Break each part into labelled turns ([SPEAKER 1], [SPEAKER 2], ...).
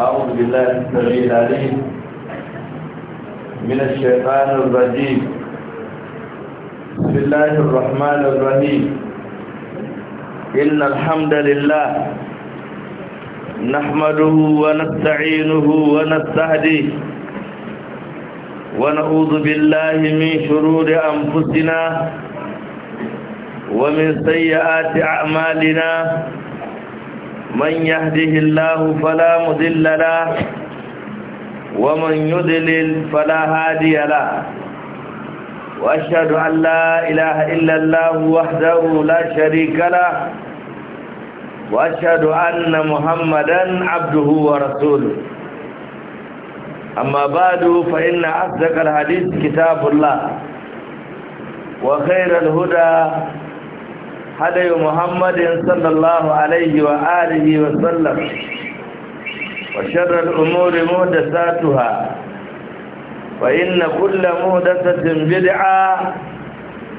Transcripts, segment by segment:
[SPEAKER 1] أعوذ بالله السميع العليم من الشيطان الرجيم بسم الله الرحمن الرحيم إن الحمد لله نحمده ونستعينه ونستهديه ونعوذ بالله من شرور أنفسنا ومن سيئات أعمالنا من يهده الله فلا مذل له ومن يذلل فلا هادي له وأشهد أن لا إله إلا الله وحده لا شريك له وأشهد أن محمدا عبده ورسوله أما بعد فإن أصدق الحديث كتاب الله وخير الهدى hadayu muhammadin sallallahu alaihi wa alihi wa sallam wa sharar umuri muhdasatuha wa inna kulla muhdasatin bid'a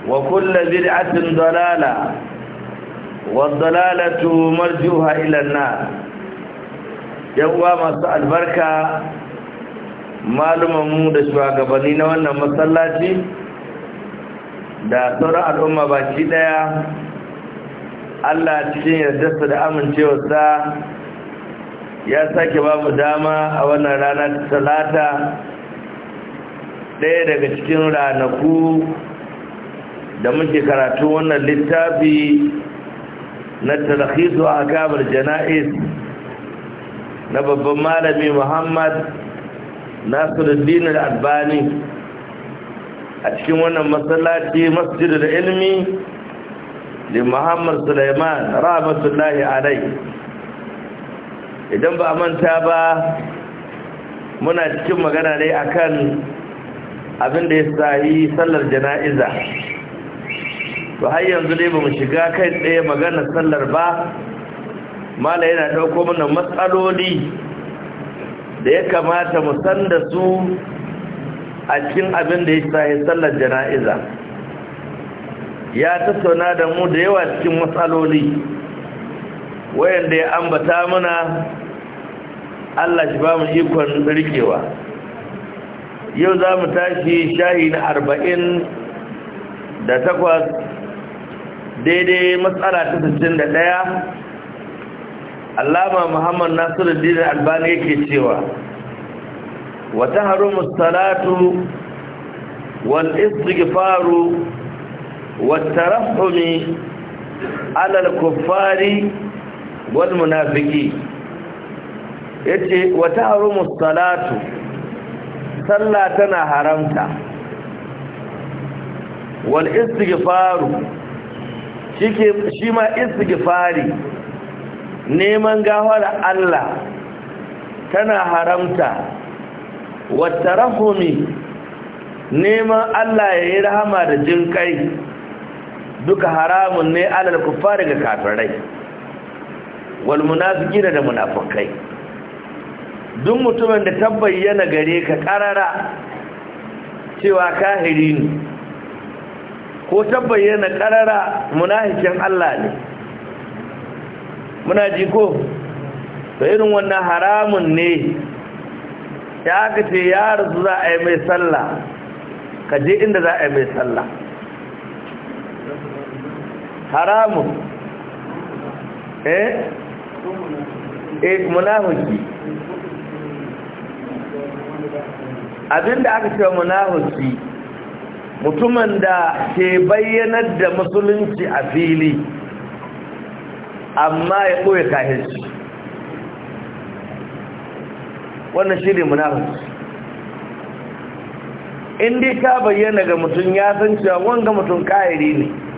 [SPEAKER 1] wa kulla bid'atin dalala wa dalalatu marjuha ila an-nar yawwa masu albarka malumin mu da shugabanni na wannan masallaci da sauran al'umma baki ɗaya. Allah cikin yardarsa da amincewarsa ya sake ba mu dama a wannan rana ta talata ɗaya daga cikin ranaku da muke karatu wannan littafi na talakhisu a kamar jana'is na babban malami muhammad nasiruddin albani a cikin wannan masallaci masjid da ilmi لمحمد سليمان رحمة الله alai idan ba a manta ba muna cikin magana ne akan abin da ya sahi sallar jana'iza to har yanzu ne ba shiga kai tsaye magana sallar ba mala yana ɗauko mana matsaloli da ya kamata mu san da su a cikin abin da ya sahi sallar jana'iza ya tattauna da mu da yawa cikin matsaloli wayanda ya ambata mana Allah shi ba mu ikon rikewa yau za mu tashi shahi na arba'in da takwas daidai matsala ta sittin da ɗaya allama muhammad nasiru dina albani yake cewa wata harumus salatu wal istighfaru والترحم على الكفار والمنافقين yace wata harumu salatu sallah tana haramta wal istighfaru shike shi ma istighfari neman gafara Allah tana haramta wata rahumi neman Allah ya yi rahama da jinkai duka haramun ne alal kufari ga kafirai wal munafiki da munafikai duk mutumin da tabbayyana gare ka karara cewa kahiri ne ko tabbayyana karara munafikin Allah ne muna ji ko to irin wannan haramun ne ya aka ya rasu za a yi mai sallah ka je inda za a yi mai sallah haramun eh eh munafiki abinda aka ce munafiki mutumin da ke bayyanar da musulunci a fili amma ya ɓoye kahirci wannan shi ne munafiki in dai ka bayyana ga mutum ya san cewa wanga mutum kahiri ne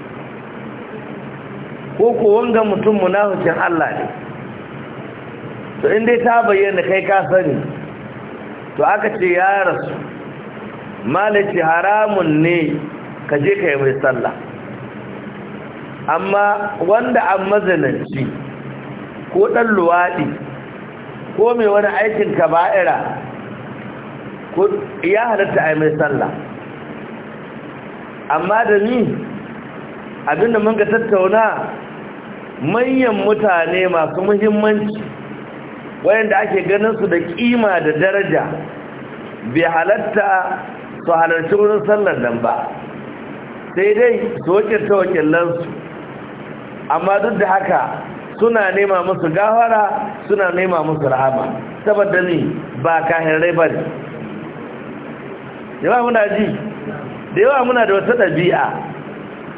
[SPEAKER 1] ko ko wanga mutum munafikin Allah ne to in dai ta bayyana kai ka sani to aka ce ya rasu malaci haramun ne ka je ka yi mai sallah amma wanda an mazananci ko ɗan luwaɗi ko mai wani aikin kaba'ira ko ya halatta a mai sallah amma da ni abinda mun ga tattauna manyan mutane masu muhimmanci wayanda ake ganin su da kima da daraja bai halatta su halarci wurin sallar nan ba sai dai su wakilta wakilansu amma duk da haka suna nema musu gawara suna nema musu rahama saboda ni ba kahirai ba ne yawa muna ji da yawa muna da wata ɗabi'a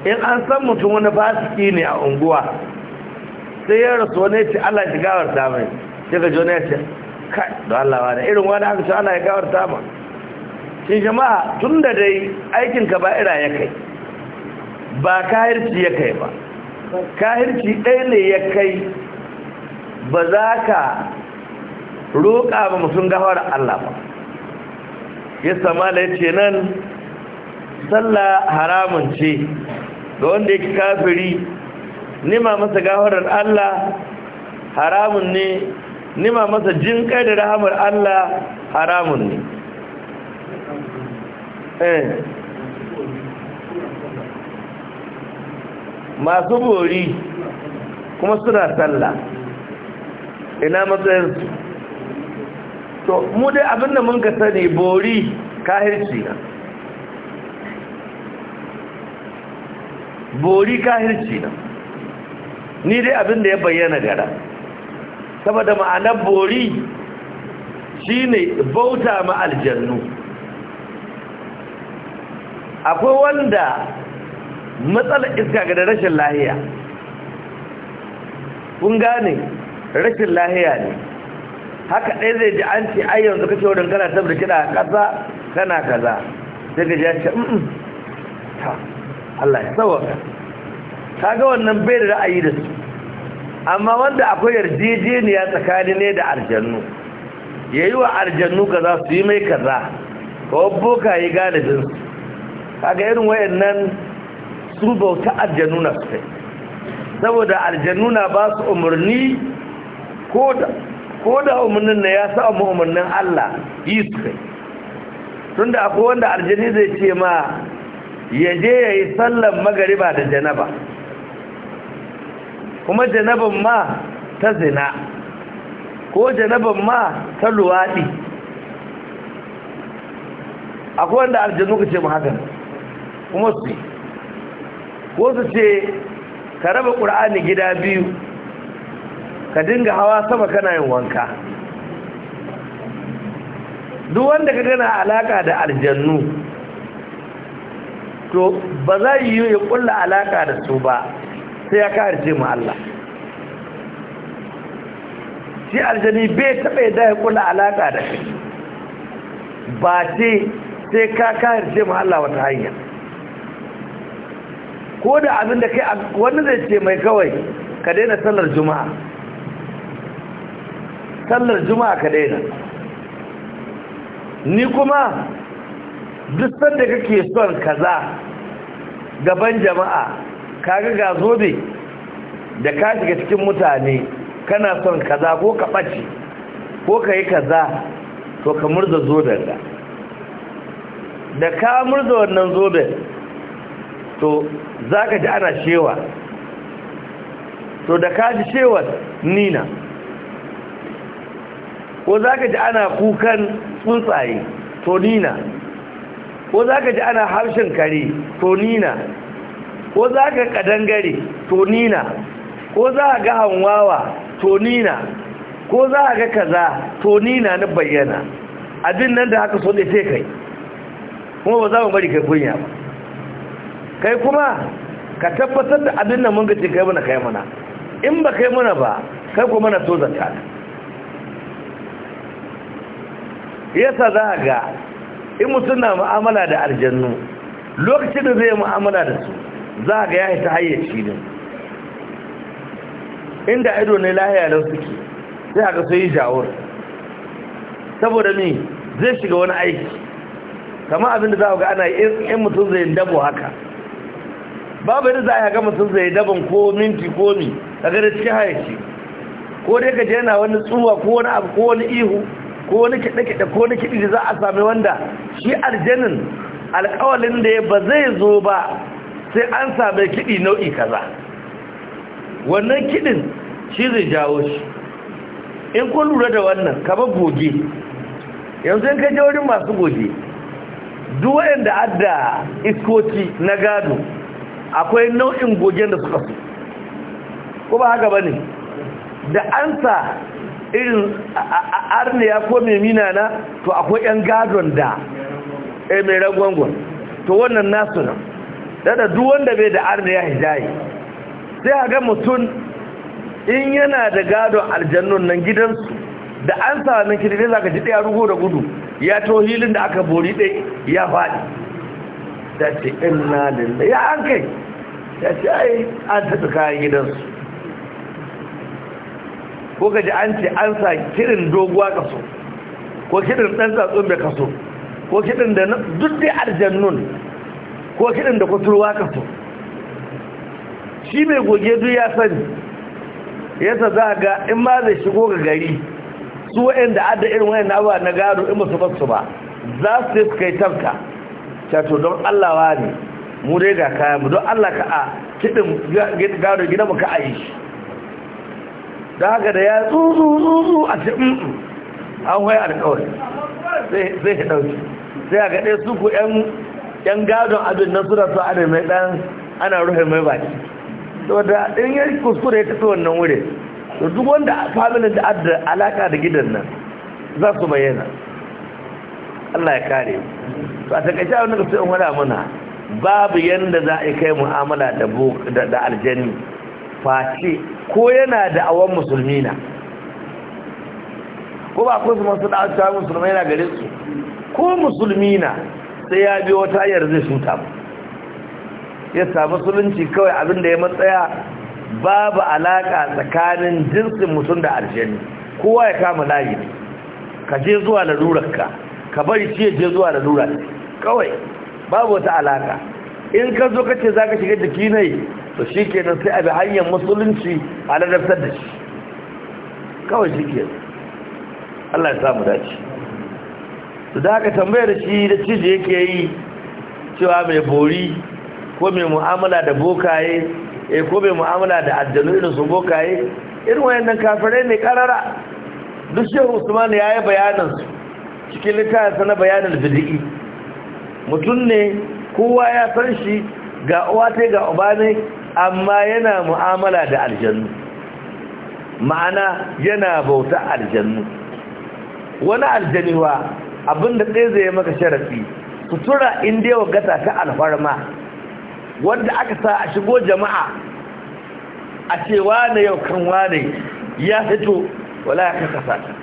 [SPEAKER 1] in an san mutum wani fasiki ne a unguwa sai ya rasu wani ya ce Allah gawar ta mai sai ka jona ya ce kai da Allah wani irin wani haka ce Allah ya ta ma shi jama'a tun da dai aikin ka ba'ira ya kai ba kahirci ya kai ba kahirci ɗaya ne ya kai ba za ka roƙa ba mutum gawar Allah ba ya sama da ya ce nan sallah haramun ce ga wanda yake kafiri nima masa gafarar Allah haramun ne nima masa jin kai da rahamar Allah haramun ne eh. masu bori kuma suna sallah ina matsayin su to mu dai abinda mun ka sani bori kahirci na bori kahirci na ni dai abin da ya bayyana gara saboda ma'anar bori shine bauta ma akwai wanda matsalar iska ga da rashin lahiya kun gane rashin lahiya ne haka ɗaya zai ji an ce ayyar yanzu ce wurin kana saboda kiɗa a ƙasa kana kaza sai jashe ji ya ta Allah ya sauwaka kaga wannan bai da ra'ayi da su amma wanda akwai yarjejeniya tsakanin ne da aljannu yayi wa aljannu kaza su yi mai kaza ko boka yi galibin su kaga irin wayannan su bauta aljannu na su saboda aljannu na ba su umarni ko da umarnin na ya sa mu umarnin Allah yi su kai da akwai wanda aljani zai ce ma ya je ya yi sallan magariba da janaba kuma Janabin ma ta zina ko Janabin ma ta luwaɗi akwai wanda aljanu ka ce mu hakan kuma su ce. ko su ce ka raba ƙur'ani gida biyu ka dinga hawa sama kana yin wanka duk wanda ka gana alaka da aljannu to ba za yi yi ya kulla alaka da su ba sai ya ce mu Allah shi aljani bai taɓa yadda ya kula alaƙa da shi ba ce sai ka ce mu Allah wata hanya ko da abin da kai wani zai ce mai kawai ka daina sallar juma'a sallar juma'a ka daina ni kuma duk sanda kake son kaza gaban jama'a kaga ga zobe da ka shiga cikin mutane kana son kaza ko ka ɓace ko ka yi kaza to ka murza zoben da da ka murza wannan zoben to za ka ji ana shewa to da ka ji shewar nina ko za ka ji ana kukan tsuntsaye to nina ko za ka ji ana harshen kare to nina ko za ka kadangare to nina ko za ga hanwawa to nina ko za ga kaza to nina na bayyana abin nan da haka so ne sai kai kuma ba za mu bari kai kunya ba kai kuma ka tabbatar da abin nan mun gace kai mana kai mana in ba kai mana ba kai kuma na so Ya yasa za ga in mutum na mu'amala da aljannu lokacin da zai mu'amala da su za ga ya ta hayyaci ne inda ido ne lahiya don suke sai ga sai yi jawar saboda ni zai shiga wani aiki kama abinda za ga ana in mutum zai dabo haka babu yadda za a ga mutum zai dabon ko minti ko mi a gada cikin hayyaci ko dai ka jana wani tsuwa ko wani abu ko wani ihu ko wani kiɗe-kiɗe ko wani kiɗi da za a sami wanda shi aljanin alƙawalin da ya ba zai zo ba sai an sami kiɗi nau'i kaza wannan kiɗin shi zai jawo shi in kun lura da wannan kamar goge yanzu in kai wurin masu goge duwayen da adda iskoci na gado akwai nau'in gogen da suka su ko ba haka ba ne da an sa irin arniya ko memina na to akwai 'yan gadon da eh, mai rangwangon to wannan nasu nan dada duk wanda bai da arna ya hijayi sai ga mutum in yana da gadon aljannun nan gidansu da an sa nan za zaka ji daya rugo da gudu ya to hilin da aka bori dai ya fadi ta ce inna lillahi ya an kai ta ce ai an taɓa kayan gidansu ko kaji an ce an sa kirin doguwa kaso ko kirin ɗan tsatsun bai kaso ko kirin da duk dai aljannun ko kiɗin da kusurwa ka to shi mai goge duk ya sani yasa za ga in ma zai shigo ga gari su da adda irin wayan na abuwa na gado in ba su basu ba za su yi suka yi tamka cato don allah wa ne mu dai ga kayan mu don allah ka a kiɗin gado gida mu ka a yi shi da haka da ya tsuzu a cikin mm, mm, an waya alkawari zai ɗauki sai a gaɗe su ku 'yan yan gadon abin nan suna so adon mai dan ana rufe mai baki saboda in ya kuskure ya tafi wannan wurin to duk wanda familin da adda alaka da gidan nan za su bayyana Allah ya kare to a takaice wannan da sai wala mana babu yanda za a kai mu'amala da da, aljanni face ko yana da awan musulmi na ko ba ko su masu da'awa musulmai na gare su ko musulmi na sai ya biyo wata hanyar zai shuta mu ya samu sulunci kawai abin da ya matsaya babu alaka tsakanin jinsin mutum da aljani kowa ya kama layi ne ka je zuwa larurarka ka bari ce je zuwa ne kawai babu wata alaka in ka zo kace za ka shiga jiki ne to shi kenan sai abi hanyar musulunci a ladabtar da shi kawai shi kenan Allah ya samu dace su da aka tambayar shi da cije yake yi cewa mai bori ko mai mu'amala da bokaye e ko mai mu'amala da aljanu irin su bokaye irin wayannan kafirai ne karara duk shehu usman ya yi bayanin su cikin littafinsa na bayanin bid'i mutum ne kowa ya san shi ga uwa ta ga uba ne amma yana mu'amala da aljannu ma'ana yana bauta aljannu wani aljaniwa abinda ɗaya zai maka sharafi sutura inda yawa gata ta alfarma wanda aka sa a shigo jama'a a ce wane yau kan wane ya fito wala ya kasa ta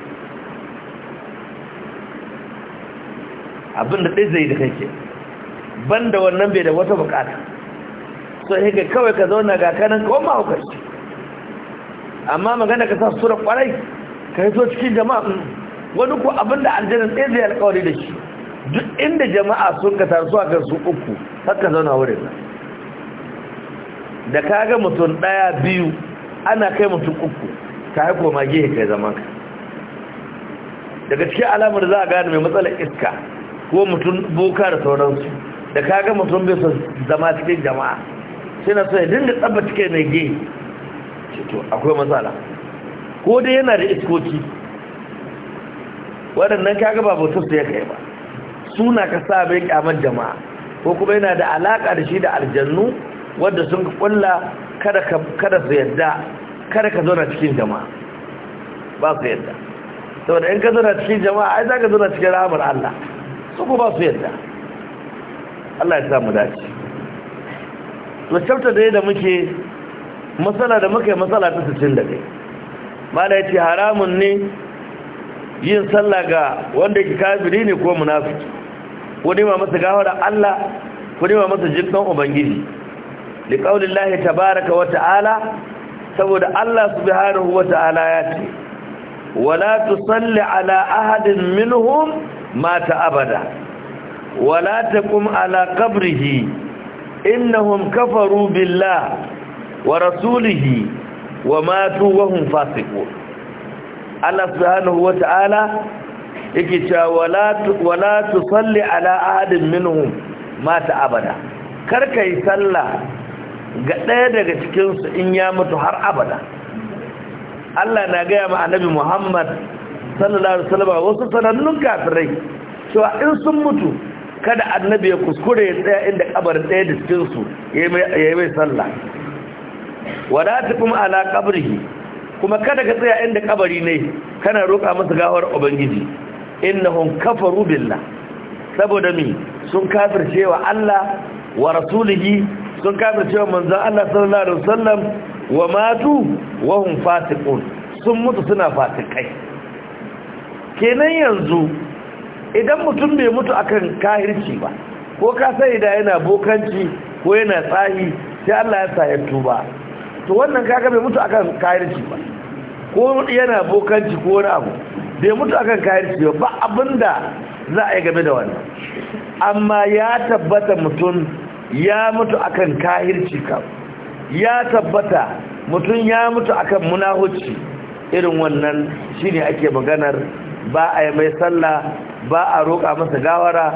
[SPEAKER 1] abinda ɗaya zai da kai ke ban da wannan bai da wata bukata so haka kawai ka zauna ga kanan kawon mahaukaci amma magana ka sa sutura kwarai ka yi so cikin jama'a mm. wani ku abinda aljanna sai zai alƙawari da shi duk inda jama'a sun ka taru kan su uku haka zauna wurin da kaga mutum daya biyu ana kai mutum uku ka haiko ma gehe kai zama ka daga cikin alamar za a gane mai matsalar iska ko mutum boka da sauransu da kaga mutum bai son zama cikin jama'a sai na so ya dinga tsabba cike mai gehe akwai matsala ko dai yana da iskoki waɗannan kaga ba bautar su ya kai ba suna ka sa bai kyamar jama'a ko kuma yana da alaƙa da shi da aljannu wadda sun kulla kada kada su yadda kada ka zauna cikin jama'a ba su yadda saboda in ka zauna cikin jama'a ai za ka zauna cikin ramar Allah su ko ba su yadda Allah ya samu dace to chapter da da muke masala da muke masala ta 61 mala yace haramun ne yin sallah ga wanda ke kafiri ne ko munafiki ko nema masa gafara Allah ko nema masa jinkan ubangiji li qaulillahi tabaaraka wa ta'ala saboda Allah subhanahu wa ta'ala ya ce wala tusalli ala ahadin minhum mata abada wala taqum ala qabrihi innahum kafaru billahi wa rasulihi wa matu wa hum fasiqun Allah subhanahu wata'ala yake cewa wala wala tusalli ala ahadin minhum mata abada kar kai sallah ga ɗaya daga cikin su in ya mutu har abada Allah na gaya ma annabi Muhammad sallallahu alaihi wasallam wasu sanannun kafirai cewa in sun mutu kada annabi ya kuskure ya tsaya inda kabarin ɗaya da cikin su yayi mai sallah wala tukum ala qabrihi kuma kada ka tsaya inda kabari ne kana roƙa masa gawar ubangiji innahum kafaru billah saboda mi sun kafirce cewa Allah wa rasulihi sun kafirce cewa manzon Allah sallallahu alaihi wasallam wa matu wa hum fasiqun sun mutu suna fasikai kenan yanzu idan mutum bai mutu akan kahirci ba ko ka sai da yana bokanci ko yana tsahi sai Allah ya sa ya tuba to wannan kaga bai mutu akan kayarci ba ko yana bokanci ko wani abu bai mutu akan kayarci ba abinda za a yi game da wannan amma ya tabbata mutum ya mutu akan kahirci ka, ya tabbata mutum ya mutu akan munahuci irin wannan shine ake maganar ba a yi mai sallah ba a roƙa masa gawara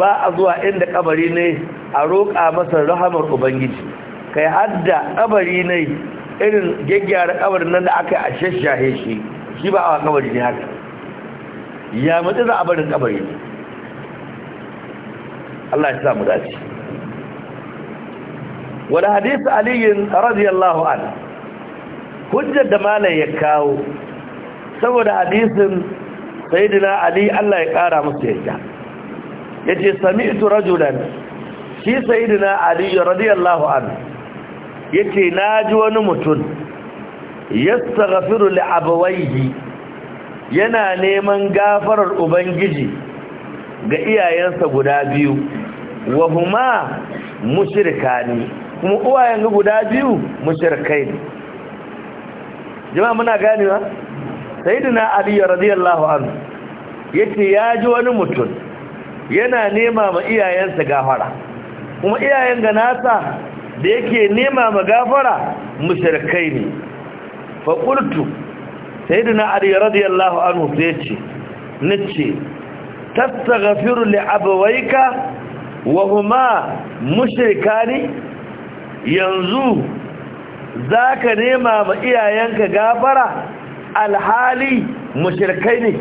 [SPEAKER 1] ba a zuwa inda kabari ne a roƙa masa rahamar ubangiji kai hadda kabari ne irin gyaggyara kabarin nan da aka a shashahe shi shi ba a kabari ne haka ya mutu za a barin kabari ne Allah ya samu dace wani hadisi aliyin radiyallahu an hujjar da malai ya kawo saboda hadisin sayyidina ali Allah ya kara musu yadda yace sami'tu rajulan shi sayyidina ali radiyallahu anhu yace naji wani mutum yastaghfiru li abawayhi yana neman gafarar ubangiji ga iyayensa guda biyu wa huma mushrikani kuma uwayen ga guda biyu mushrikai jama'a muna ganewa sayyidina ali radiyallahu anhu yace ya ji wani mutum yana nema ma iyayensa gafara kuma iyayen ga nasa da yake nema magafara mushrikai ne fa qultu sayyidina ali radiyallahu anhu yace nace tastaghfiru li abawayka wa huma mushrikani yanzu zaka nema ma iyayenka gafara alhali mushrikai ne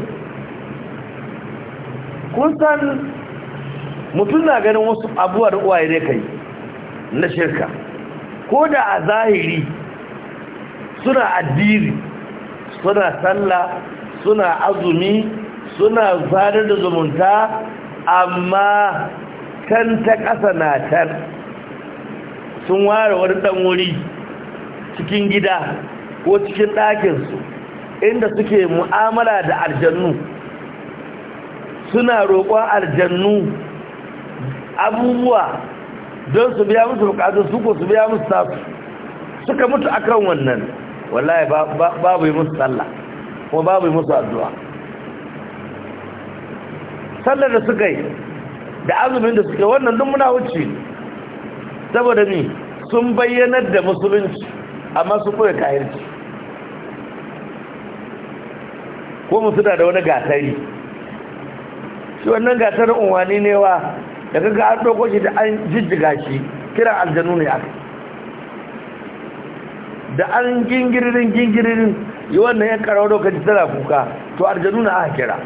[SPEAKER 1] kun san mutum na ganin wasu abuwa da uwaye ne kai na shirka ko da a zahiri suna addini suna sallah suna azumi suna zarar da zumunta amma can ta ƙasa na can sun ware wani ɗan wuri cikin gida ko cikin ɗakinsu inda suke mu'amala da aljannu suna roƙon aljannu abubuwa don su biya musu bukatun su ko su biya musu tasu suka mutu akan wannan wallahi babu yi musu sallah kuma babu yi musu addu'a sallar da suka yi da azumin da suka wannan duk muna wuce saboda ni sun bayyanar da musulunci amma su koya kayanci ko mu suna da wani gatari shi wannan gatarin unwani ne wa da ga an ɗauko shi da an jijjiga shi kiran aljanu ne aka da an gingirin gingirin yi wannan yan karawa lokaci tara kuka to aljanu na aka kira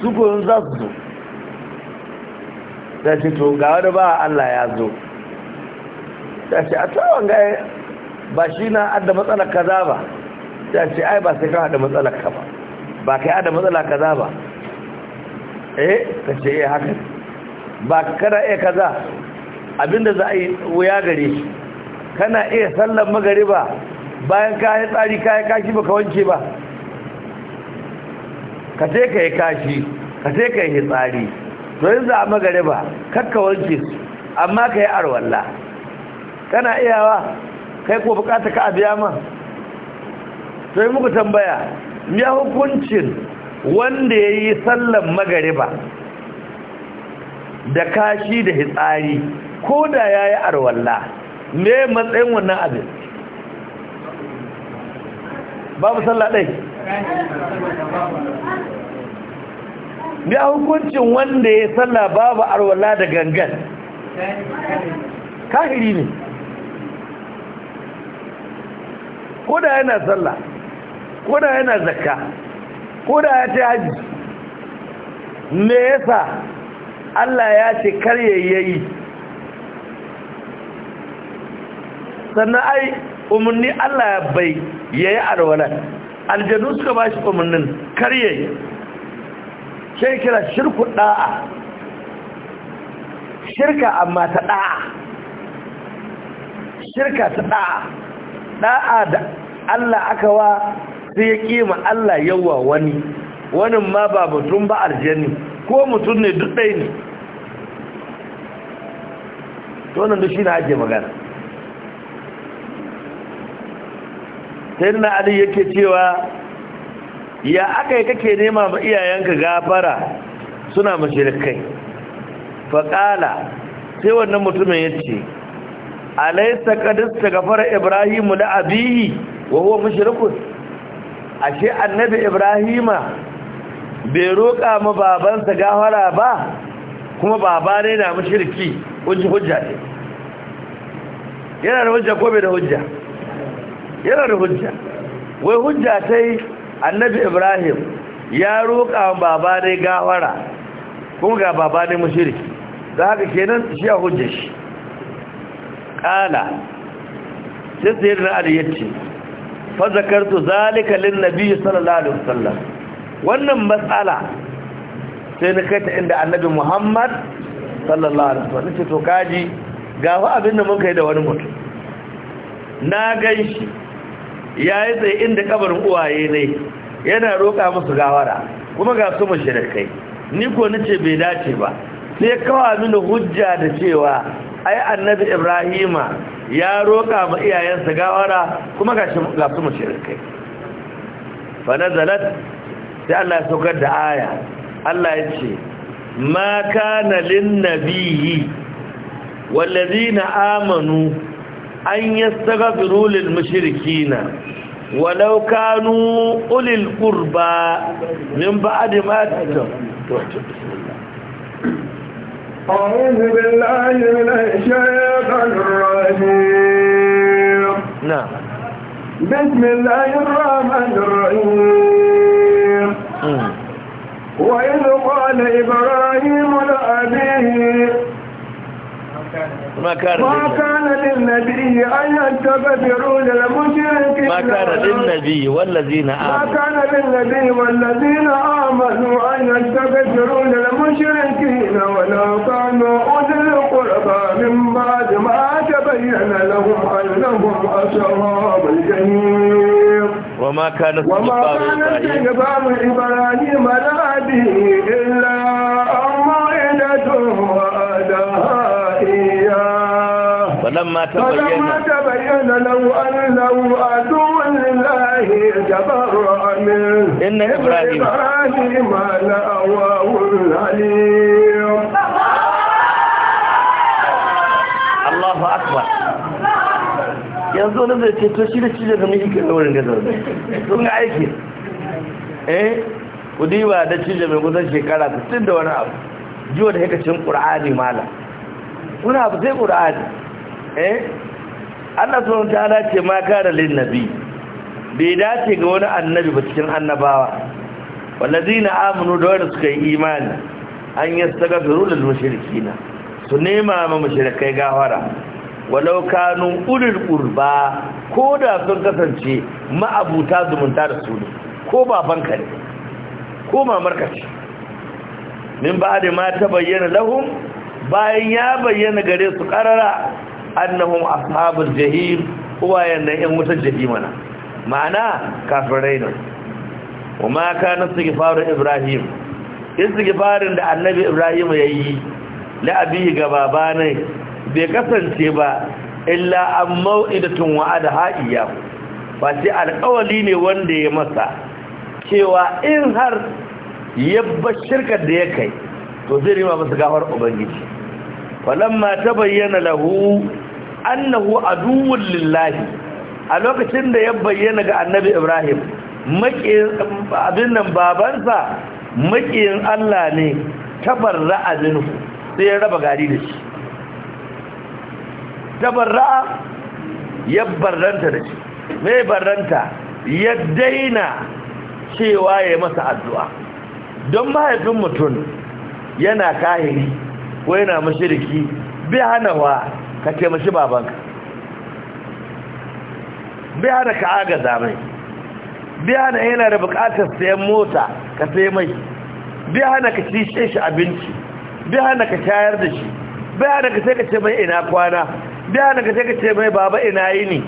[SPEAKER 1] su koyon za su zo ta ce to ga wani ba Allah ya zo ta ce a tsawon ga ba shi na adda matsalar kaza ba ta ce ai ba sai ka haɗa matsalar ka ba ba kai adda matsalar kaza ba eh ta ce yi eh, haka ba kada iya kaza abinda za a yi wuya gare shi kana iya sallar magariba bayan kayan tsari kayan kashi ba ka wanke ba ka ce ka yi kashi ka ce ka yi tsari to yin za a magariba kakka wanke amma ka yi arwalla kana iyawa kai ko bukata ka abiya ma to yi muku tambaya ya hukuncin wanda ya yi sallan magariba da kashi da hitsari ko da ya yi arwalla me matsayin wannan abin babu sallah ɗai a hukuncin wanda ya sallah babu arwalla da gangan kahiri ne ko da yana sallah ko da yana zakka ko da ya ta haji me yasa Allah ya ce karye yayi sannan ai umarni Allah bai yayi alwala aljanu suka ba shi umarnin karye sai kira shirku da'a shirka amma ta da'a shirka ta da'a da'a da Allah aka wa sai ya kima Allah yawa wani wani ma ba batun ba aljani ko mutum ne duk ɗaya ne tonin da shi na ake magana sai na ali yake cewa ya aka yi kake nema ma iyayenka gafara suna mashirikai faƙala sai wannan mutumin ya ce alaisa kadista gafara ibrahimu da abihi wa huwa mashirikun ashe annabi ibrahima bai roƙa ma babansa gafara ba kuma baba ne na mushriki wajen hujja ne yana da hujja ko bai da hujja yana da hujja wai hujja ta yi annabi ibrahim ya roƙa ma baba ne gafara kuma ga baba ne mushriki da haka kenan shi a hujja shi ƙala sai yi na aliyyar ce fa zakartu zalika lin nabi sallallahu alaihi wasallam wannan matsala sai na kai ta inda annabi muhammad sallallahu alaihi wasallam ce to kaji ga fa abin da muka yi da wani mutum na ganshi yayi tsaye inda kabarin uwaye ne yana roƙa musu gawara kuma ga su mushrikai ni ko nace bai dace ba sai kawo mini hujja da cewa ai annabi ibrahima ya roƙa ma iyayensa gawara kuma ga su mushrikai fa nazalat sai Allah ya saukar da aya Allah ya ce ma kana lin nabiyyi wallazina amanu an yastaghfiru lil mushrikina walau kanu ulil qurba min ba'di ma
[SPEAKER 2] أعوذ بالله من الشيطان الرجيم نعم بسم الله الرحمن الرحيم وإذ قال إبراهيم لأبيه
[SPEAKER 1] ما كان ما
[SPEAKER 2] كان للنبي أن يتبذروا للمشركين ما كان
[SPEAKER 1] للنبي والذين آمنوا
[SPEAKER 2] ما كان للنبي والذين آمنوا أن يتبذروا للمشركين ولو كانوا أولي القربى من بعد ما تبين لهم أنهم أصحاب الجحيم وما كان استغفار إبراهيم لأبيه إلا أن موعدته وعدها إياه
[SPEAKER 1] فلما تبين
[SPEAKER 2] تبين له أنه عدو لله تبرأ منه إن إبراهيم إبراهيم لأواه عليم
[SPEAKER 1] الله أكبر
[SPEAKER 2] yanzu wani zai ce to shi da shi da zama ike na wurin
[SPEAKER 1] gaza
[SPEAKER 3] sun aiki
[SPEAKER 1] eh ku ba da da mai kusan shekara tun da wani abu jiwa da cin ƙura'ani mala wani abu sai ƙura'ani eh allah sun ta dace ma kara lin nabi bai dace ga wani annabi ba cikin annabawa wallazi na amunu da wani suka yi imani an yi sagafiru da mashirikina su nema ma mashirikai gafara walau kanu ulul qurba ko da sun kasance ma'abuta zumunta da su ne ko babanka ne ko mamarka ce min ba da ma ta bayyana lahum bayan ya bayyana gare su karara annahum ashabul jahim uwayen nan yan wutar na ma'ana kafirai ne kuma ma kana istighfaru ibrahim istighfarin da annabi ibrahim yayi la abi ga babanai bai kasance ba illa an mau'idatun wa'ada ha'iya ba sai alƙawali ne wanda ya masa cewa in har yabba shirka da ya kai to zai rima masa gafar ubangiji falamma ta bayyana lahu annahu aduwwul lillahi a lokacin da ya bayyana ga annabi ibrahim abin nan babansa makiyin allah ne tabarra'a minhu sai ya raba gari da shi tabarra'a ya barranta da shi mai barranta ya daina cewa ya masa addu'a don mahaifin mutum yana kahiri ko yana mashiriki bi hanawa ka taimashi babanka bi hana ka agaza mai bi hana yana da bukatar sayan mota ka sai mai bi hana ka cishe shi abinci bi hana ka tayar da shi bi hana ka sai ka ce mai ina kwana biya daga sai ce mai baba ina yi ne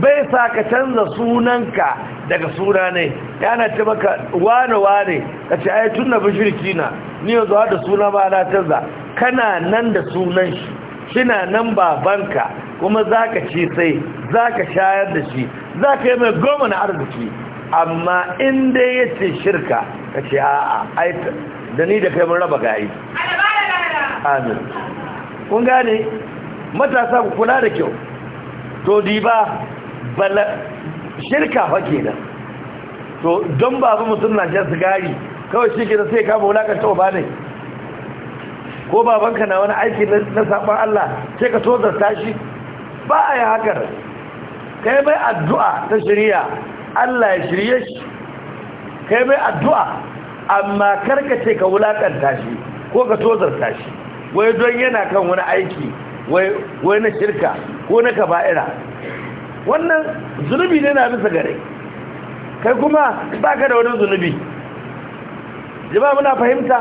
[SPEAKER 1] bai sa ka canza sunanka daga suna ne yana ce maka wane wane ka ce ai tun na shirki na ni yanzu da suna ba na canza kana nan da sunan shi shina nan babanka kuma za ka ci sai za ka shayar da shi za ka yi mai goma na arziki amma in dai ya ce shirka ka ce a'a da ni da kai mun raba gayi amin kun gane matasa ku kula da kyau to di ba shirka fa kenan to don babu mutum na sigari kawai shi da sai kama wulakanta uba ne ko babanka na wani aiki na sabon Allah sai ka tozarta shi ba a yi hakar kai mai addu'a ta shirya Allah ya shirye shi kai mai addu'a amma karkace ka wulaƙanta shi ko ka tozarta shi wai don yana kan wani aiki wai na shirka ko na kaba'ira wannan zunubi ne na bisa gare kai kuma ba ka da wani zunubi jima muna fahimta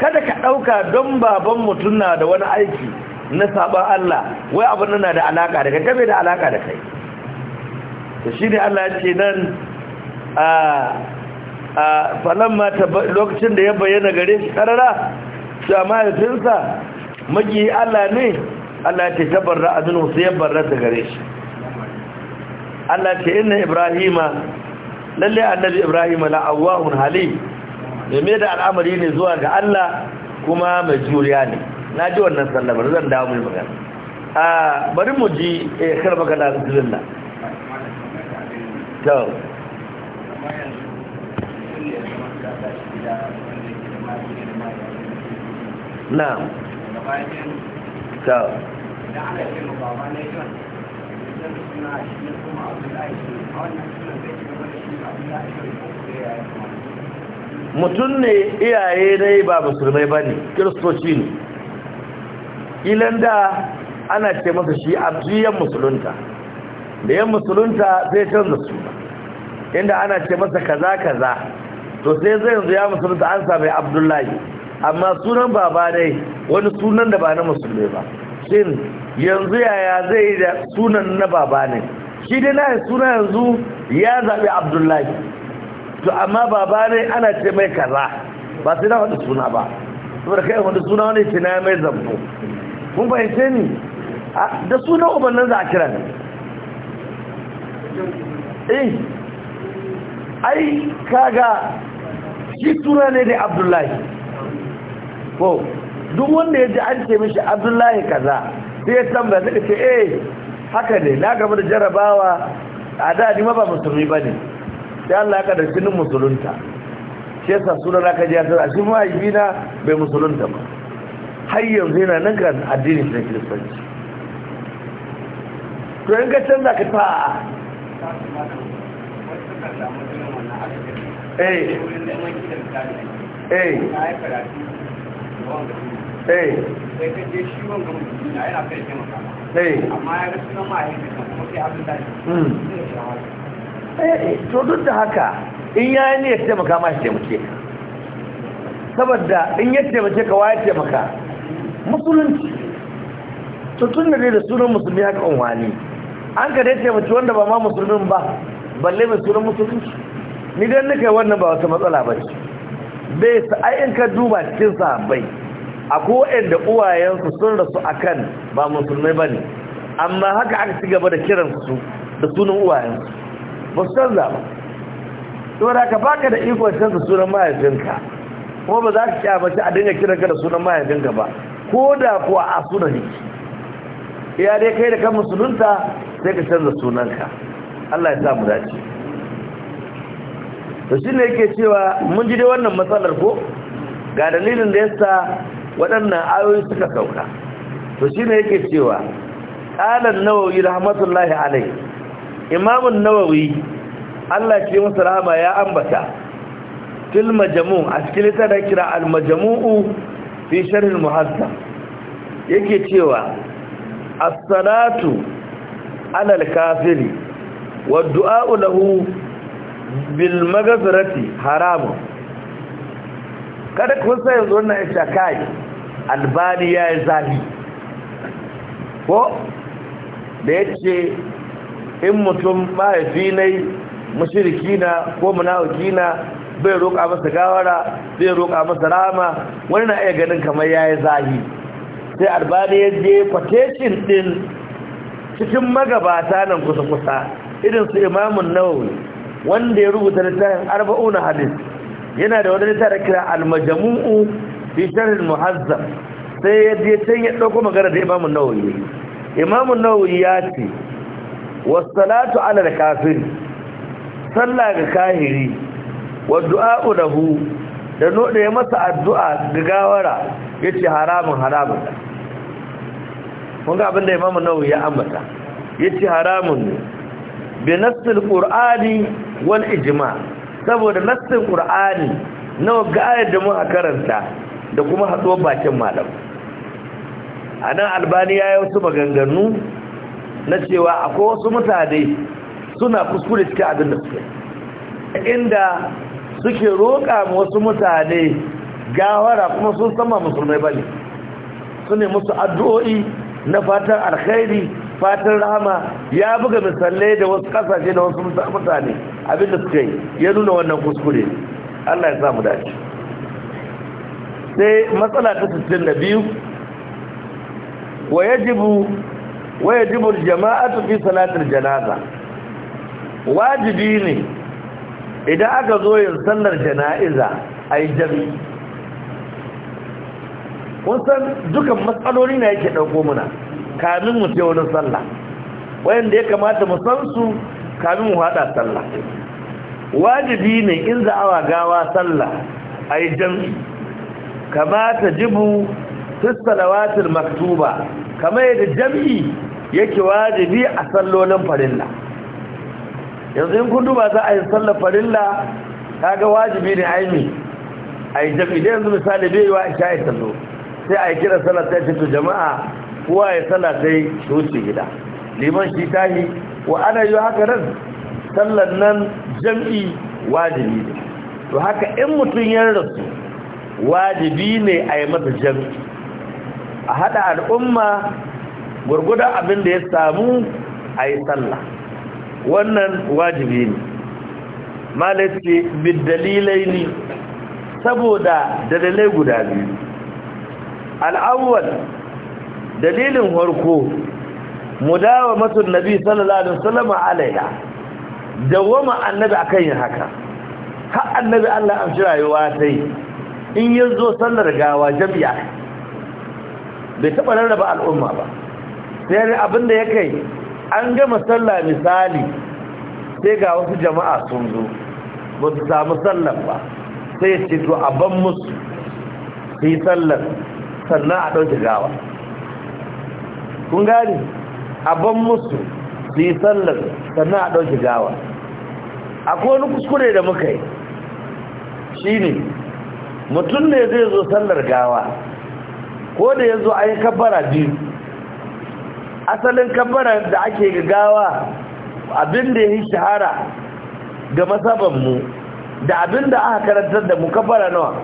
[SPEAKER 1] kada ka ɗauka don baban mutum na da wani aiki na sabon Allah wai abin na da alaƙa da kai kame da alaƙa da kai da shi ne Allah ce nan a falon mata lokacin da ya bayyana gare shi ƙarara shi a mahaifinsa magi Allah ne Allah ce tabarra azinu sai barra ta gare shi Allah ce inna ibrahima lalle annabi ibrahima la awahun halim mai da al'amari ne zuwa ga Allah kuma mai juriya ne na ji wannan sallama zan dawo mai magana a bari mu ji eh, kar magana da zilla to na'am mutum ne iyaye yi ba musulmai ba ne kiristoci ne ilan da ana ce masa shi abjiyan musulunta da yan musulunta zai canza su inda ana ce masa kaza kaza to sai zai yanzu ya musulunta an sami abdullahi amma sunan baba dai wani sunan da ba na musulmi ba shin yanzu yaya zai yi da sunan na baba ne shi dai na suna yanzu ya zaɓi abdullahi to amma baba ne ana ce mai kaza ba sai na wani suna ba saboda kai wani suna wani ce na mai zambo kun fahimce ni da sunan ubannin za a kira ne eh ai kaga shi suna ne da abdullahi ko duk wanda ya ji an ce mishi abdullahi kaza sai ya tambaya zai ce eh haka ne na gaba da jarabawa a da ni ma ba musulmi ba ne sai Allah ya kadar shinin musulunta shi yasa suna na ji ya tsara shi mahaifi na bai musulunta ba har yanzu yana nan ga addini na kiristanci to in ka canza ka ta a eh eh amma ya ga abin to duk da haka in ya yi ne ya taimaka ma ya taimake saboda in ya taimake ka ya taimaka musulunci tutun tun da da sunan musulmi haka unwani an ka dai taimaki wanda ba ma musulmin ba balle mai sunan musulunci ni don nika wannan ba wata matsala ba ce bai sa ai in ka duba cikin sahabbai akwai da uwayensu sun rasu akan ba musulmai ba ne amma haka aka ci gaba da kiransu da sunan uwayensu ba su canza ba saboda ka baka da ikon canza sunan mahaifinka kuma ba za ka kyamaci a dinga kiranka da sunan mahaifinka ba ko da kuwa a sunan ne ya dai kai da kan musulunta sai ka canza sunanka Allah ya sa mu dace to shine yake cewa mun ji dai wannan matsalar ko ga dalilin da yasa waɗannan ayoyi suka sauka to shi ne yake cewa ƙalan nawawi rahmatullahi alai imamun nawawi allah ke masa rahama ya ambata fil majamu a cikin litar da kira almajamu'u fi sharhin muhazza yake cewa assalatu alal kafiri wa du'a'u lahu bil magazarati haramun kada kun sai yanzu wannan ishakai albani ya yi zahi ko da ya ce in mutum mahaifi na yi mashiriki na ko munawaki na bai roƙa masa gawara zai roƙa masa rama wani na iya ganin kamar ya yi zahi sai albani ya je kwateshin ɗin cikin magabata nan kusa-kusa irin su imamun nawawi wanda ya rubuta littafin arba'una hadis yana da wani littafin kira almajamu'u fi sharhin muhazzab sai ya je can ya dauko magana da Imam an-Nawawi Imam an-Nawawi ya ce was-salatu 'ala al-kafir sallah ga kahiri wa du'a'u lahu da no da ya masa addu'a ga gawara yace haramun haramun kun ga abinda Imam an-Nawawi ya ambata yace haramun ne bi nassil qur'ani wal ijma' saboda nassin qur'ani nawa ga ayar da a karanta da kuma hatsuwar bakin malam a nan albani ya yi wasu maganganu na cewa akwai wasu mutane suna kuskure cikin abin da suke inda suke roƙa wasu mutane gawara kuma sun sama musulmai ba ne su ne musu addu'o'i na fatan alkhairi fatan rahama ya buga misalai da wasu ƙasashe da wasu mutane abin da suka yi ya nuna wannan kuskure Allah ya samu dace sai matsala ta 62 wa jibu wa jama'a jama'atu fi salatar janaza wajibi ne idan aka zo yin sallar jana'iza ai jami kun san dukan matsaloli na yake dauko muna kamin mu ce wani sallah wayanda ya kamata mu san su kamin mu hada sallah wajibi ne in za awa gawa sallah ai jami'i kama ta jibu tussalawatul maktuba kama yadda jam'i yake wajibi a sallolin farilla yanzu in kun duba za a yi sallar farilla kaga wajibi ne a aimi a yi jam'i da yanzu misali bai yi wa isha ya sallo sai a yi kira sallar ta fito jama'a kowa ya sallar ta yi gida liman shi ta yi wa ana yi haka nan sallar nan jam'i wajibi ne to haka in mutum ya rasu wajibi ne a yi masa jan, a haɗa al'umma gurgudan abin da ya samu a yi sallah wannan wajibi ne malaske bidalilai ne saboda dalilai guda biyu al'awwal dalilin harko mudawa matun nabi sallallahu alaihi wasallam alaiha dawama annabi akan yin haka har annabi Allah amshi rayuwa sai in ya zo sallar gawa jami'a bai taɓa rarraba al'umma ba sai abin da ya kai an gama sallar misali sai ga wasu jama'a sun zo ba su samu sallar ba sai ya ce to a ban musu su yi sallar sannan a ɗauki gawa kun gani a ban musu su yi sallar sannan a ɗauki gawa akwai wani kuskure da muka yi shi ne mutum ne zai zo sallar gawa ko da ya zo a yi kabbara biyu asalin kabbara da ake ga gawa abin da ya yi shahara ga masabanmu da abin da aka karantar da mu kabbara nawa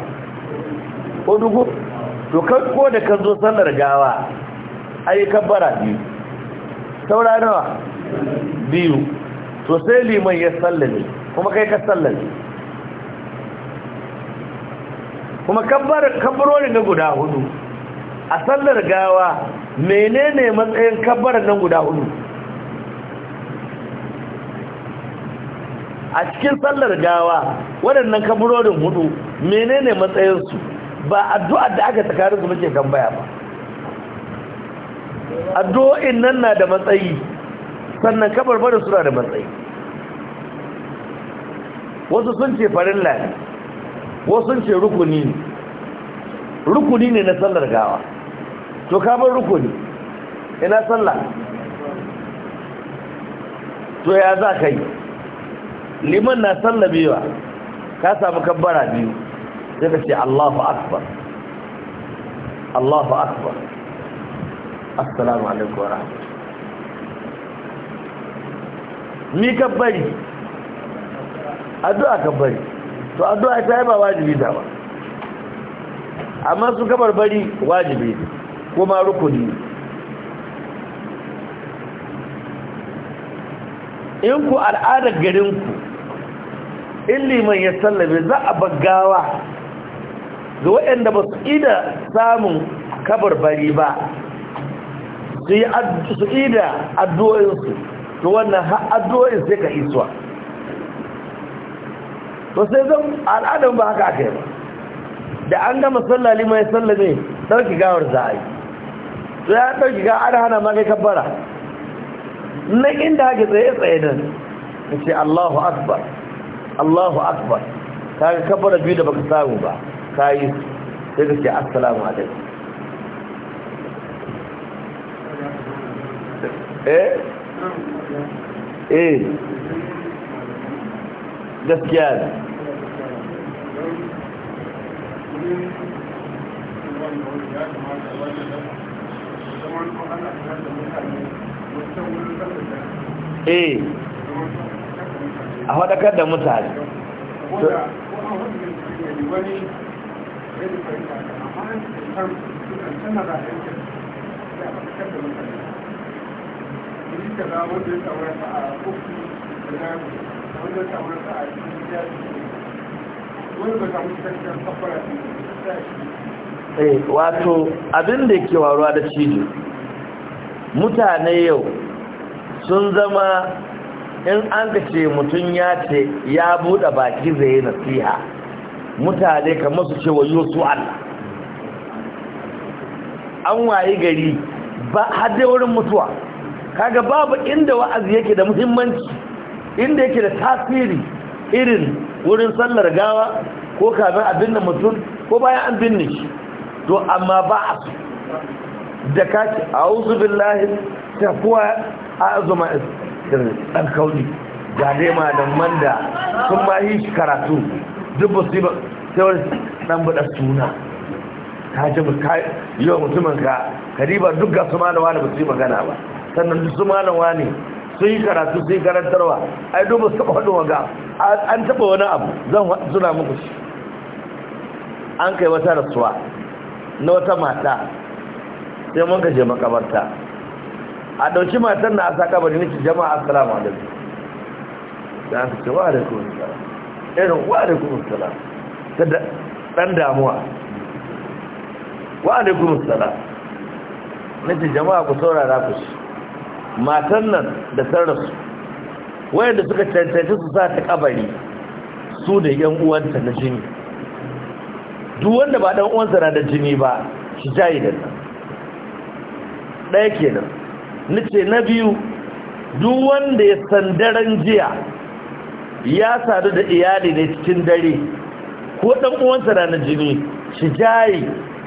[SPEAKER 1] ko dugu to ko da ka zo sallar gawa a yi kabbara biyu saura nawa biyu to sai liman ya sallame kuma kai ka sallame kuma kabbarorin na guda hudu a sallar gawa menene matsayin kabbarar nan guda hudu a cikin sallar gawa waɗannan kabbarorin hudu menene matsayinsu ba addu'ar da aka su muke tambaya ba addu'o'in nan na da matsayi sannan kabarbarin suna da matsayi wasu sun ce farin ne wasu ce rukuni ne rukuni ne na sallar gawa to ka bar rukuni ina sallah to ya za ka yi liman na sallabewa ka samu kabbara biyu zai ka ce allahu akbar allahu akbar assalamu alaikum wa rahmatullahi mi kabbari addu'a kabbari to addu'a ta yi ba wajibi ta ba amma su kamar bari wajibi kuma rukuni in ku al'adar garinku in liman ya sallame za a bagawa ga waɗanda ba su ida samun kabar bari ba su yi addu'o'insu to wannan addu'o'in sai ka iswa to sai zan al'adun ba haka aka yi ba da an gama sallah lima ya ne ɗauki gawar za a yi to ya ɗauki ga ana hana ma kai kabbara na inda haka tsaye tsaye nan in ce allahu akbar allahu akbar ka ga kabbara biyu da baka samu ba ka yi sai ka ce assalamu alaikum eh eh gaskiya ne
[SPEAKER 3] Eh, a
[SPEAKER 1] faɗakar da mutane
[SPEAKER 3] da wanda ya a cikin
[SPEAKER 1] Eh, wato abin da ke waruwa da cijo mutane yau sun zama in an ka ce mutum ya ce ya buɗe baki zai nasiha mutane kamar su ce wa yosu Allah an wayi gari ba hadde wurin mutuwa kaga babu inda wa'azi yake da muhimmanci inda yake da tasiri irin wurin sallar gawa ko kafin a binne mutum ko bayan an binne shi to amma ba a su da kaci a wuzu billahi ta kuwa a azuma ɗan kauni gane dai da da sun ma yi shi karatu duk ba su yi ba sai wani ɗan buɗa suna ta ce ba ka yi wa mutumin ka kariba duk ga su malawa da ba su yi magana ba sannan duk su malawa ne sun yi karatu sun yi karantarwa ai duba su wadda waga an taba wani abu zan suna muku shi an kai wata rasuwa na wata mata sai mun kashe makabarta a ɗauki matan na asa kabari nake jama'a asalamu alaikum da aka ce wa alaikum salam irin wa alaikum salam ta ɗan damuwa wa alaikum salam nake jama'a ku saurara ku shi matan nan da sarrasu wayanda suka cancanci su za ta kabari su da yan uwanta na jini duk wanda ba dan uwansa na da jini ba shi jayi da nan ɗaya kenan nace na biyu duk wanda ya san daren jiya ya sadu da iyali ne cikin dare ko dan uwansa na da jini shi jayi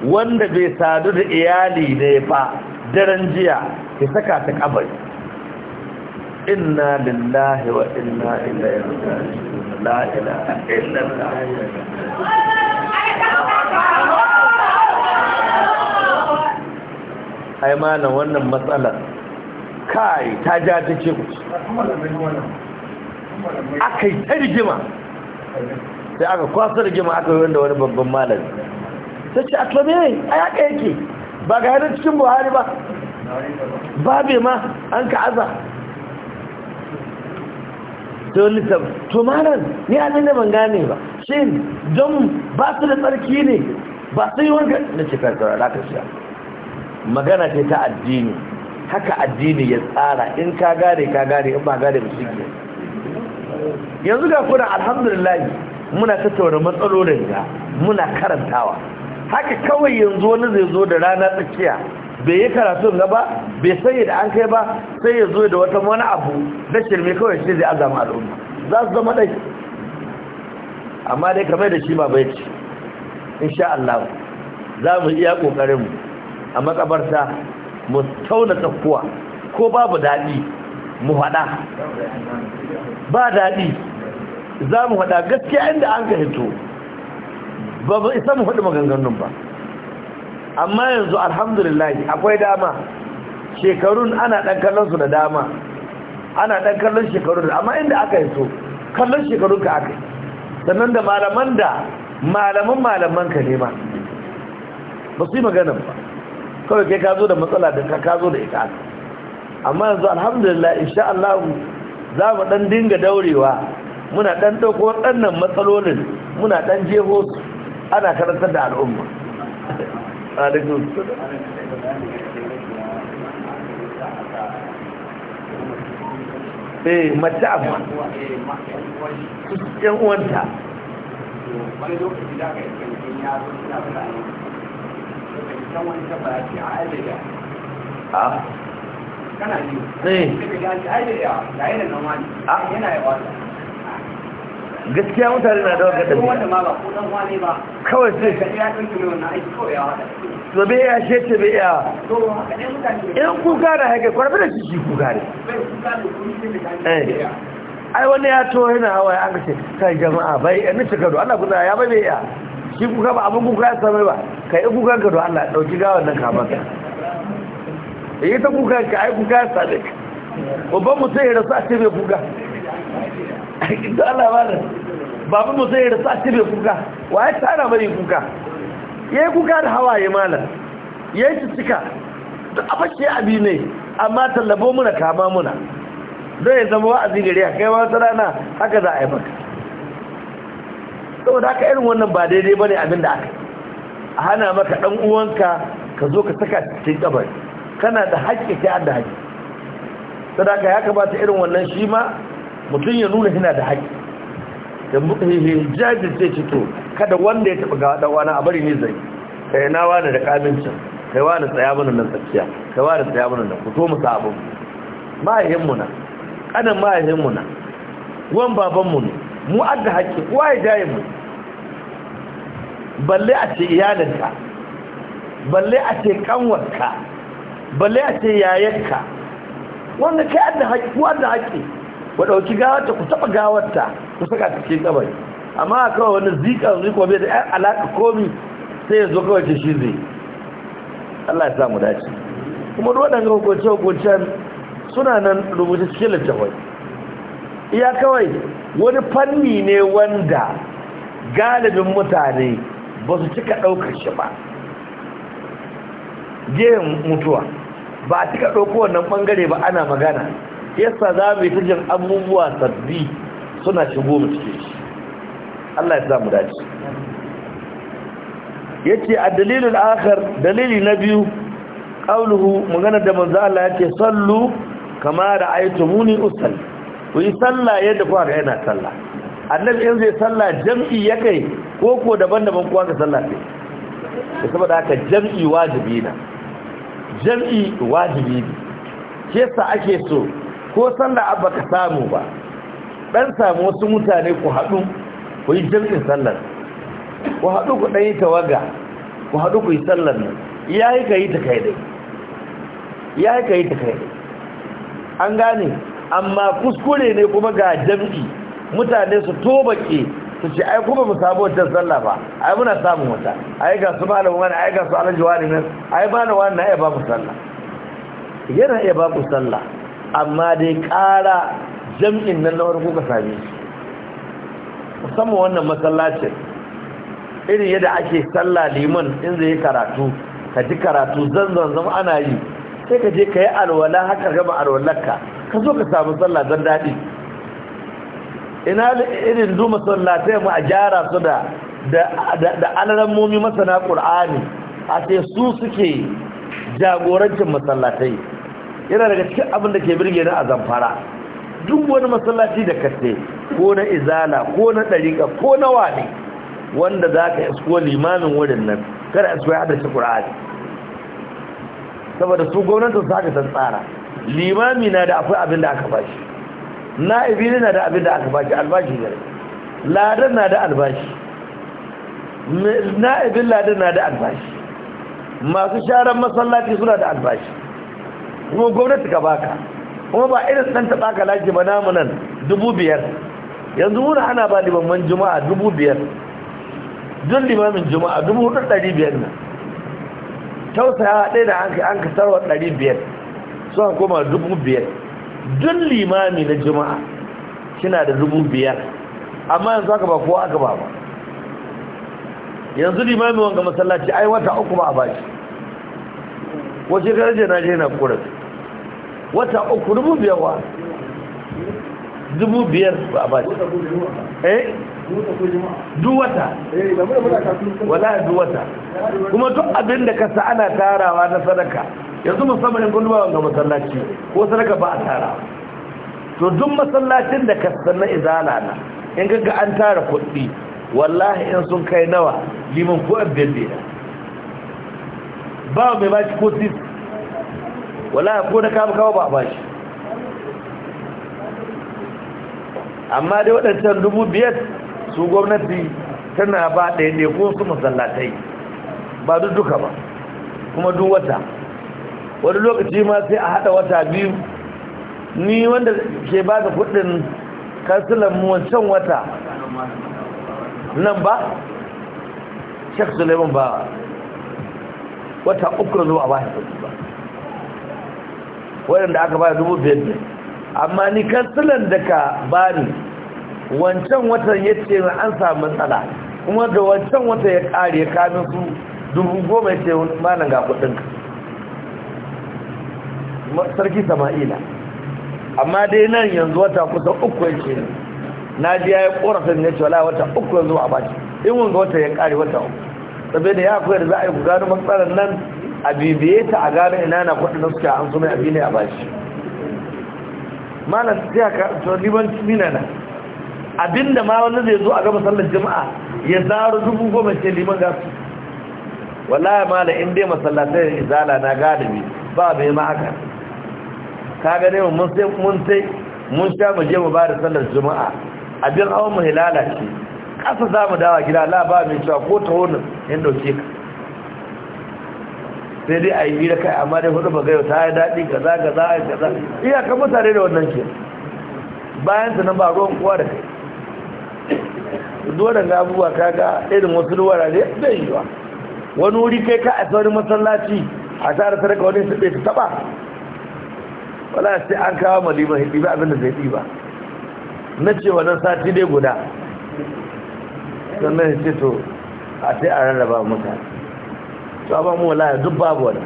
[SPEAKER 1] wanda bai sadu da iyali ne ba daren jiya ke saka ta kabari inna lillahi wa inna ilaihi raji'un la ilaha illallah ai mana wannan matsalar kai ta ja ta ce ku aka yi ta rigima sai aka kwasa rigima aka yi wanda wani babban malami ta ce a tlamiyai a yaƙa yake ba ga yanar cikin buhari ba babi ma an ka aza don littab to malam ni abin da ban gane ba Shin don ba su da tsarki ne ba su yi wanga na ce karkara za ka shiya magana ce ta addini haka addini ya tsara in ka gare ka gare in ba gare ba shi ke yanzu ga kuna alhamdulillah muna tattauna matsalolin ga muna karantawa haka kawai yanzu wani zai zo da rana tsakiya bai yi karatun na ba bai sanya da an kai ba sai ya zo da wata wani abu na shirme kawai shi zai azama al'umma za su zama ɗai amma dai kamar da shi ma bai ci insha Allah za mu iya ƙoƙarinmu a makabarta mu tauna tsakuwa ko babu daɗi mu faɗa ba daɗi za mu faɗa gaskiya inda an ka hito ba isa mu faɗi maganganun ba amma yanzu alhamdulillah akwai dama shekarun ana dan kallon su da dama ana dan kallon shekarun amma inda aka yi so kallon shekarun ka aka sannan da malaman da malaman malaman ka ne ba su yi magana ba kawai kai ka zo da matsala da ka ka zo da ita amma yanzu alhamdulillah insha Allah za mu dan dinga daurewa muna dan dauko waɗannan matsalolin muna dan jeho ana karantar da al'umma alaikun
[SPEAKER 3] eh mace abu
[SPEAKER 1] yan uwanta
[SPEAKER 3] wani ah. lokaci eh. da aka yi ya zo suna wani ce a a kana ne ah. ya ce ga wani wata
[SPEAKER 1] gaskiya mutane na dawa gaɗa kawai sai to bai ya she ce bai ya
[SPEAKER 3] in
[SPEAKER 1] kuka da haika kwarfi da shi kuka ne eh. ai wani ya to yana hawa an kashe kai jama'a bai yana cika do Allah kuka ya bai bai ya shi kuka ba abin kuka ya samai ba kai in kuka ka do Allah ɗauki gawan nan ka ka yi eh, ta kuka ka ai kuka ya same ka babban mutum ya rasu a ce bai kuka aikin da Allah ba da babu musa a cibe kuka wa ya tara mai kuka ya yi kuka da hawaye malam ya yi cika da abashe abi ne amma tallabo muna kama muna don ya zama wa'azi gari a kai wata rana haka za a yi maka saboda haka irin wannan ba daidai ba ne abin da aka a hana maka dan uwanka ka zo ka saka cikin kabari kana da haƙƙi ta da haƙƙi sadaka ya kamata irin wannan shi ma mutum ya nuna yana da haƙƙi jajin zai cito to kada wanda ya taɓa ga ɗanwana a bari ne zai kai na wani da ƙamincin kai wani tsaya mana nan tsakiya kai wani tsaya mana nan fito mu sabon mahaihinmu na ƙanan mahaihinmu na wan babanmu ne mu adda haƙi kuwa ya jaye mu balle a ce iyalinka balle a ce kanwarka balle a ce yayarka wanda kai adda haƙƙi ku adda haƙƙi ku gawarta ku taɓa gawarta ku saka ta cikin kabari amma kawai wani zikar zikwa bai da yan alaƙa komi sai ya zo kawai ta shi zai Allah ya samu dace kuma ga hukunci hukuncen suna nan rubuta cikin littafai iya kawai wani fanni ne wanda galibin mutane ba su cika ɗaukar shi ba gehen mutuwa ba a cika ɗauko wannan ɓangare ba ana magana yasa za mu yi fijin abubuwa sabbi suna shigo mu cikin shi Allah ya samu dace yace a dalilin akhar dalili na biyu qauluhu magana da manzo Allah yace sallu kama ra'aytumuni usalli ku yi sallah yadda ku ga yana sallah annabi in zai sallah jam'i yake ko ko daban-daban ku ga sallah ce saboda haka jam'i wajibi na jam'i wajibi ne ke sa ake so ko sallah abba ka samu ba dan samu wasu mutane ku haɗu ku yi jami'in sallar ku haɗu ku ɗan yi tawaga ku haɗu ku yi sallar nan ya yi ka yi ta kai dai ya yi ka yi ta kai dai an gane amma kuskure ne kuma ga jam'i mutane su tobake su ce ai kuma mu samu wajen sallah ba ai muna samun wata ai ga su malamin wani ai ga su alhaji wani nan ai ba na wani na iya ba mu sallah yana iya ba mu sallah amma dai ƙara jam'in nan na farko ka same shi musamman wannan masallacin irin yadda ake sallah liman in zai yi karatu ka ji karatu zanzan zama ana yi sai ka je ka yi alwala haka gama alwalarka ka zo ka sami sallah don daɗi ina irin du masallatai mu a gyara su da da momi masana ƙur'ani a sai su suke jagorancin masallatai yana daga cikin abin da ke birge na a zamfara duk wani masallaci da kaste ko na izala ko na dariƙa ko na wani wanda za ka isko limamin wurin nan kada isko ya shi ƙura'ani saboda su gwamnatin su haka tsara limami na da akwai abin da aka bashi na'ibi na da abin da aka bashi albashi gare ladan na da albashi ibin ladan na da albashi masu sharan masallaci suna da albashi kuma gwamnati ka baka kuma ba irin san taɓa ka laji ba namu nan dubu biyar yanzu muna ana ba limamin juma'a dubu biyar duk limamin juma'a dubu hudu ɗari biyar nan tausayawa ɗaya da an ka an ka sarwa ɗari biyar suna koma dubu biyar dun limami na juma'a shina da dubu biyar amma yanzu aka ba ko aka ba ba yanzu limami wanga masallaci ai wata uku ba a shi wace karaje na je na korafi wata uku dubu biyar wa dubu biyar ba a bashi eh duwata wala duwata kuma duk abin da kasa ana tarawa na sadaka yanzu musamman yankun duba ga masallaci ko sadaka ba a tarawa to duk masallacin da kasa na izala na in gaga an tara kuɗi wallahi in sun kai nawa liman ko abin da ba mai ba ko sisi Wala ko da kama kawo ba a bashi amma dai waɗancan dubu biyar su gwamnati tana ba ɗaya ne ko su masallatai ba duka ba kuma duk wata wani lokaci ma sai a haɗa wata biyu ni wanda ke ba da kudin kansilan mu wancan wata nan ba shek suleiman ba wata uku zuwa ba shi wadanda aka ba dubu biyar biyar amma ni kansilan da ka bani wancan watan ya ce an samu matsala kuma da wancan watan ya ƙare ya kamin su dubu goma ya ce malam ga kuɗinka sarki sama'ila amma dai nan yanzu wata kusan uku ya ce na ji ya yi ƙorafin ya ce wala wata uku yanzu a baki in wanga wata ya ƙare wata uku saboda ya da za a yi gudanar gano matsalar nan a bibiye ta a gane ina na kudin suke an zuma abi ne a bashi malam sai ka to liban mina na abinda ma wani zai zo a gaba sallar jama'a ya zaro dubu goma ce liman ga su wallahi malam in dai masallatai izala na galibi ba bai ma haka ka gane mun sai mun sai mun sha mu je mu ba da sallar juma'a abin hawan mu hilala ce kasa za mu dawa gida la ba mai cewa ko ta wani in dauke ka sai dai a yi hira kai amma dai hudu ba gayo ta yi daɗi gaza gaza a gaza iyakar mutane da wannan ke bayan ta na ba ruwan kuwa da kai dole ga abubuwa kaga irin wasu ruwara ne zai yi wa wani wuri kai ka a saurin masallaci a tare ta raka wani saɓe ta taɓa wala sai an kawo malima hiɗi ba abinda zai ɗi ba na ce wannan sati dai guda sannan ya ce to a sai a rarraba mutane to amma mu wala duk babu wani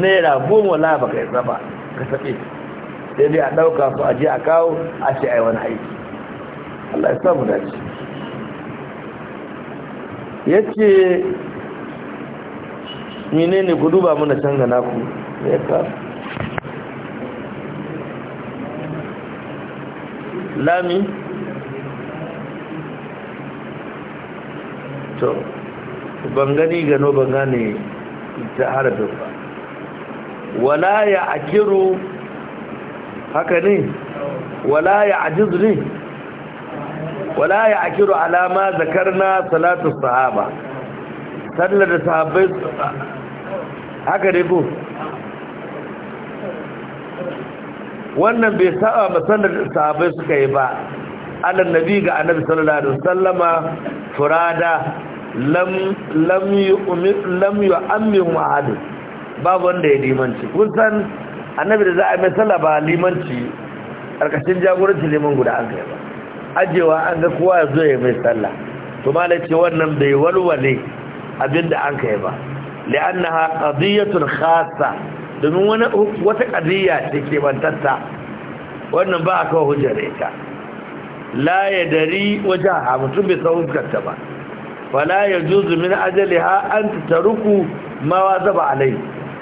[SPEAKER 1] naira goma wallahi baka yi ba ka tafi sai dai a ɗauka su a je a kawo a ce ai wani aiki Allah ya samu dace yace menene ku duba mana canza naku ya ka lami to ban gani gano ban gane ta harafin ba wala ya akiru haka ne wala ya ajizu ne wala ya akiru alama zakarna salatu sahaba sannan da sahabai haka ne ko wannan bai saba masallar da sahabbai suka yi ba alan nabi ga annabi sallallahu alaihi wasallama furada lam yi amin ma'adu babu wanda ya limanci kusan annabi da za a mai ba limanci ƙarƙashin jagoranci liman guda an kai ba ajewa an ga kowa ya zo ya mai sallah to ma ce wannan bai walwale abinda an kai ba li'annaha tun khasa domin wata qadiyya ce ke bantatta wannan ba a kawo hujjar ita la ya dari wajaha mutum bai san huskarta ba ya juzu min ajali an taruku ma zaba alai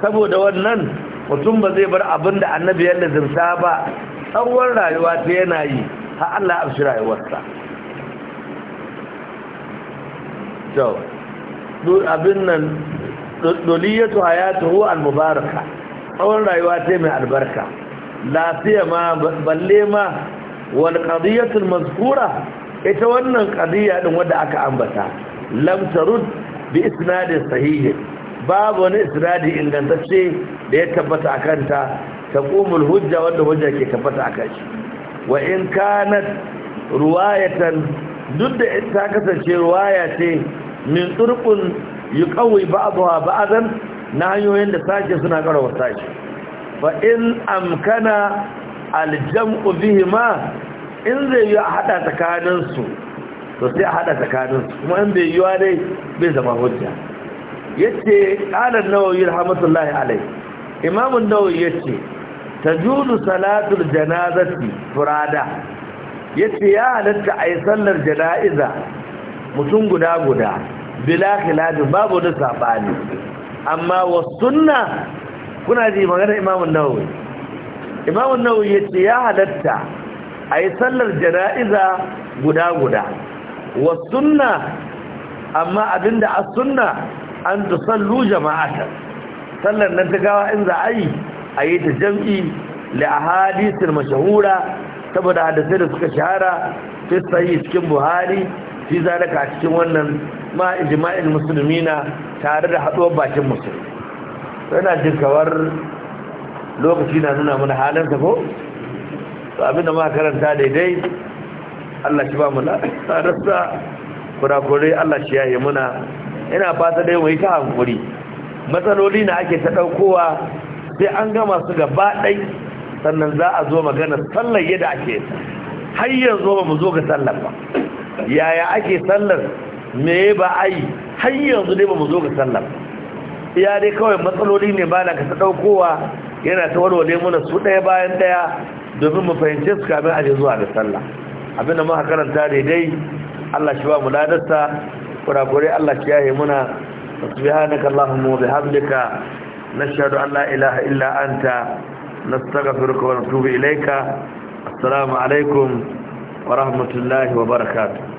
[SPEAKER 1] saboda wannan mutum ba zai bar abin da annabi ya lazimta ba tsawon rayuwa ta yana yi ha Allah afshi rayuwarsa to abin nan doliyatu hayatuhu al-mubaraka tsawon rayuwa ta mai albarka lafiya ma balle ma wal qadiyatu al-mazkura ita wannan qadiya din wadda aka ambata lam tarud bi isnadin sahih babu wani isnadi ingantacce da ya tabbata akan ta taqumul hujja wanda hujja ke tabbata akan shi wa in kanat ruwayatan duk da ta kasance ruwaya ce min turqun yuqawi ba'daha ba'dan na hanyoyin da sake suna karawa sake fa in amkana aljam'u bihima in zai yi a haɗa tsakaninsu to sai a haɗa tsakaninsu kuma in bai wa dai bai zama hujja yace qala an-nawawi rahmatullahi alayh imam an-nawawi yace tajudu salatul janazati furada yace ya halatta yi sallar janaiza mutum guda guda bila khilaf babu da sabani amma wasunna sunna kuna ji magana imam an-nawawi imam an-nawawi yace ya halatta a yi sallar jana'iza guda-guda wa sunna amma abinda a sunna an tusallu jama'ata sallar nan ta gawa in za a yi a yi ta jam'i la'ahadisin mashahura saboda hadasai da suka shahara fi yi cikin buhari fi zalika a cikin wannan ma musulmi musulmina tare da haɗuwar bakin musulmi yana jin kawar lokaci na nuna mana halin ko to abinda muka karanta daidai Allah shi ba mu ladarsa kurakurai Allah shi yayi muna ina fata dai mu yi ta hankuri matsaloli na ake ta daukowa sai an gama su gaba dai sannan za a zo magana sallar yadda ake yi. har yanzu ba mu zo ga sallar ba yaya ake sallar me ba ai har yanzu dai ba mu zo ga sallar iya dai kawai matsaloli ne ba na ka ta daukowa yana ta warware muna su ɗaya bayan ɗaya domin mu fahimce su kamin aje zuwa da sallah abinda muka karanta daidai Allah shi ba mu ladarsa kurakure Allah shi yaye muna subhanaka allahumma wa bihamdika nashhadu an la ilaha illa anta nastaghfiruka wa
[SPEAKER 2] natubu ilayka assalamu alaikum wa rahmatullahi wa barakatuh